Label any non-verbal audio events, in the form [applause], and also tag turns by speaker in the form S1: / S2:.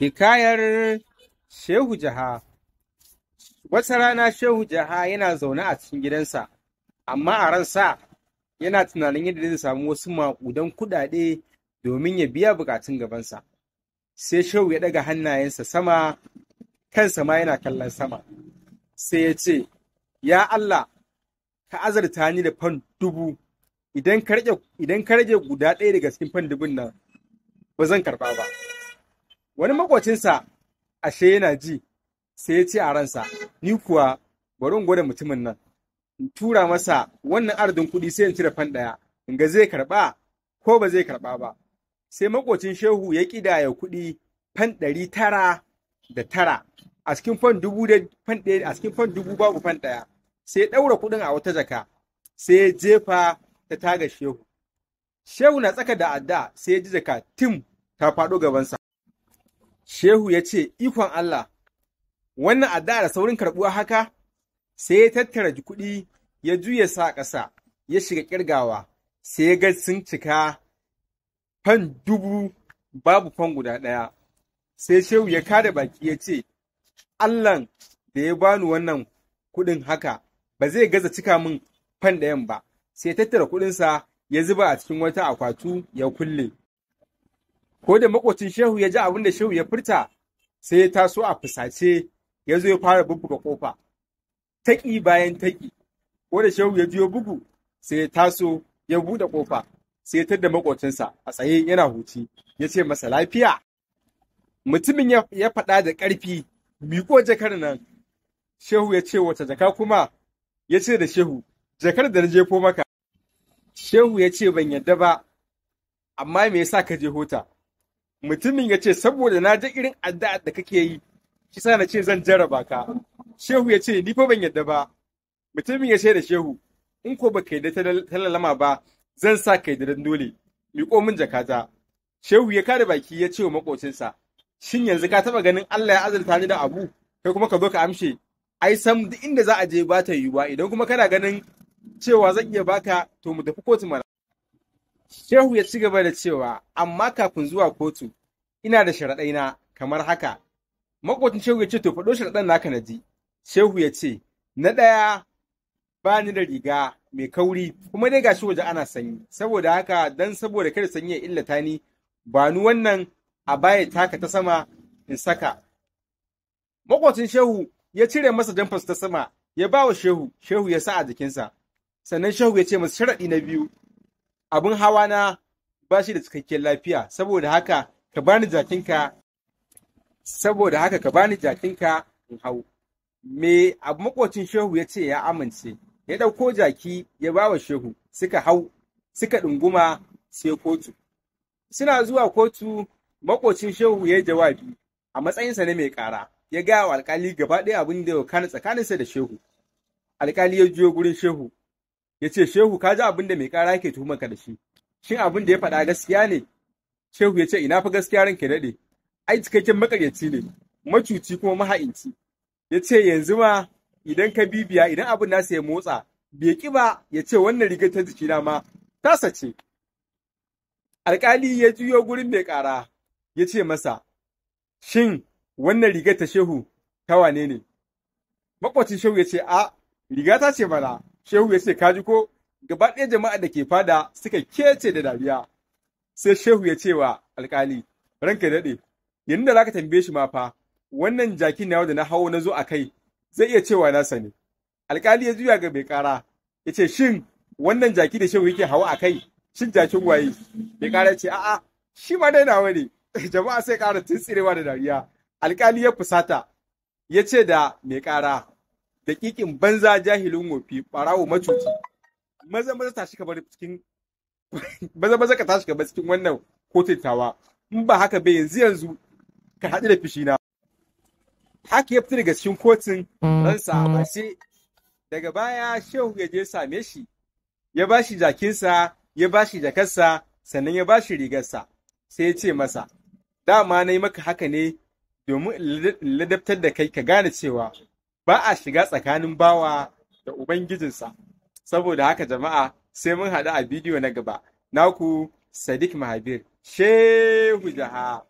S1: Hikayar Shehu Jaha Wata rana Shehu Jaha yana zaune a cikin gidansa, amma a ransa yana tunanin yadda zai samu wasu maƙudan kuɗaɗe domin ya biya buƙatun gabansa. Sai Shehu ya ɗaga hannayensa sama, kansa ma yana kallon sama. Sai ya ce, Ya Allah, ka azarta ni da fan dubu, idan ka rage guda ɗaya daga cikin fan dubun nan, ba zan karɓa ba. Wani maƙocinsa ashe yana ji sai ya ce a ransa, ni kuwa bari in gwada mutumin nan. In tura masa wannan ardin kuɗi sai in cire fan ɗaya, in ga zai karɓa ko ba zai karɓa ba. Sai maƙocin shehu ya ƙidaya kuɗi fan ɗari tara da tara a cikin fan dubu da fan ɗaya a cikin fan dubu babu fan ɗaya sai ɗaura kuɗin a wata jaka sai ya jefa ta taga shehu shehu na tsaka da adda sai ya ji jaka tim ta faɗo gabansa Shehu ya ce, Ikon Allah, wannan addu'a da saurin karɓuwa haka, sai ya tattara kuɗi ya juya sa ƙasa, ya shiga ƙirgawa, sai ya ga sun cika fan dubu babu fan guda ɗaya. Sai Shehu ya kada baki ya ce, Allahn da ya bani wannan kuɗin haka, ba zai gaza cika min fan ɗayan ba, sai ya tattara kuɗinsa ya zuba a cikin wata akwatu ya kulle. Ko da makocin Shehu ya ji abin da Shehu ya furta sai ya taso a fusace ya zo ya fara bubbuga kofa. Taƙi bayan taƙi. Ko da Shehu ya biyo bugu sai ya taso ya buɗe kofa sai ya tadda makocinsa a tsaye yana huci ya ce masa lafiya. Mutumin ya faɗa da ƙarfi miƙo jakar nan. Shehu ya ce wata jaka kuma ya ce da Shehu jakar da na jefo maka. Shehu ya ce ban yadda ba, amma me yasa ka je hota? mutumin ya ce saboda na ji irin addu'a da kake yi shi sa na ce zan jarraba ka shehu ya ce ni fa ban yadda ba mutumin ya ce da shehu in ko baka yadda ta lalama ba zan sa ka yadda dole ko min jakata shehu ya kare baki ya ce wa makocinsa shin yanzu ka taba ganin Allah ya azurta ni da abu kai kuma ka zo ka amshe ai sam duk inda za a je ba ta yiwuwa idan kuma kana ganin cewa zan iya baka to mu tafi kotu Shehu ya ci gaba da cewa, amma kafin zuwa kotu, ina da sharaɗaina, kamar haka. Makotin Shehu ya ce, to faɗo sharaɗan naka na ji. Shehu ya ce, na ɗaya ba ni da riga mai kauri, kuma dai gashi waje ana sanyi, saboda haka dan saboda kada sanyi ya illata ni, ba ni wannan a baya taka ta sama in saka. Makotin Shehu ya cire masa jamfarsa ta sama, ya ba wa Shehu, Shehu ya sa a jikinsa. Sannan Shehu ya ce masa sharaɗi na biyu, abin hawa na ba shi da cikakken lafiya saboda haka ka bani jakinka saboda haka ka bani jakinka in hau me abu makocin shehu ya ce ya amince ya ɗauko jaki ya ba wa shehu suka hau suka ɗunguma sai kotu suna zuwa kotu makocin shehu ya jawabi a matsayinsa na mai ƙara ya gaya wa alkali gaba ɗaya abin da ya kana tsakaninsa da shehu Alƙali ya juyo gurin shehu ya ce shehu ka ji abin da mai kara yake tuhumar ka da shi shin abin da ya faɗa gaskiya ne shehu ya ce ina fa gaskiya ran ranke daɗe ai cikakken makaryaci ne macuci kuma maha'inci ya ce yanzu ma idan ka bibiya idan abin nasa ya motsa bai ƙi ba ya ce wannan rigar ta jikina ma tasa ce alƙali ya juyo gurin mai kara ya ce masa shin wannan rigar ta shehu ta wane ne makwacin shehu ya ce a riga ta ce mana Shehu ya ce kaji ko gaba ɗaya jama'a da ke fada suka kece da dariya. Sai Shehu ya ce wa alƙali, ranka daɗe, yanzu da zaka tambaye shi ma fa, wannan jakin na da na hawo na zo a kai, zai iya cewa na sani. Alƙali ya juya ga bai ƙara, ya ce shin wannan jaki da Shehu yake hawa a kai, shin jakin waye? Bai ƙara ce a'a, shi ma dai nawa ne. [laughs] Jama'a sai ƙara tsirewa da dariya. Alƙali ya fusata, ya ce da mai ƙara, daƙiƙin banza jahilin wofi barawo macuci maza maza tashi ka bar cikin [laughs] maza maza ka tashi ka cikin wannan kotuntawa in ba haka ba yanzu yanzu ka haɗu da fishina haka ya fita daga cikin kotun ransa a bashe daga baya shehu ya je same shi ya ba shi jakinsa ya ba shi jakarsa sannan ya ba shi rigarsa sai ya ce masa dama na yi maka haka ne domin ladabtar da kai ka gane cewa ba a shiga tsakanin bawa da ubangijinsa saboda haka jama'a sai mun haɗu a bidiyo na gaba naku sadiq mahabir shehu jaha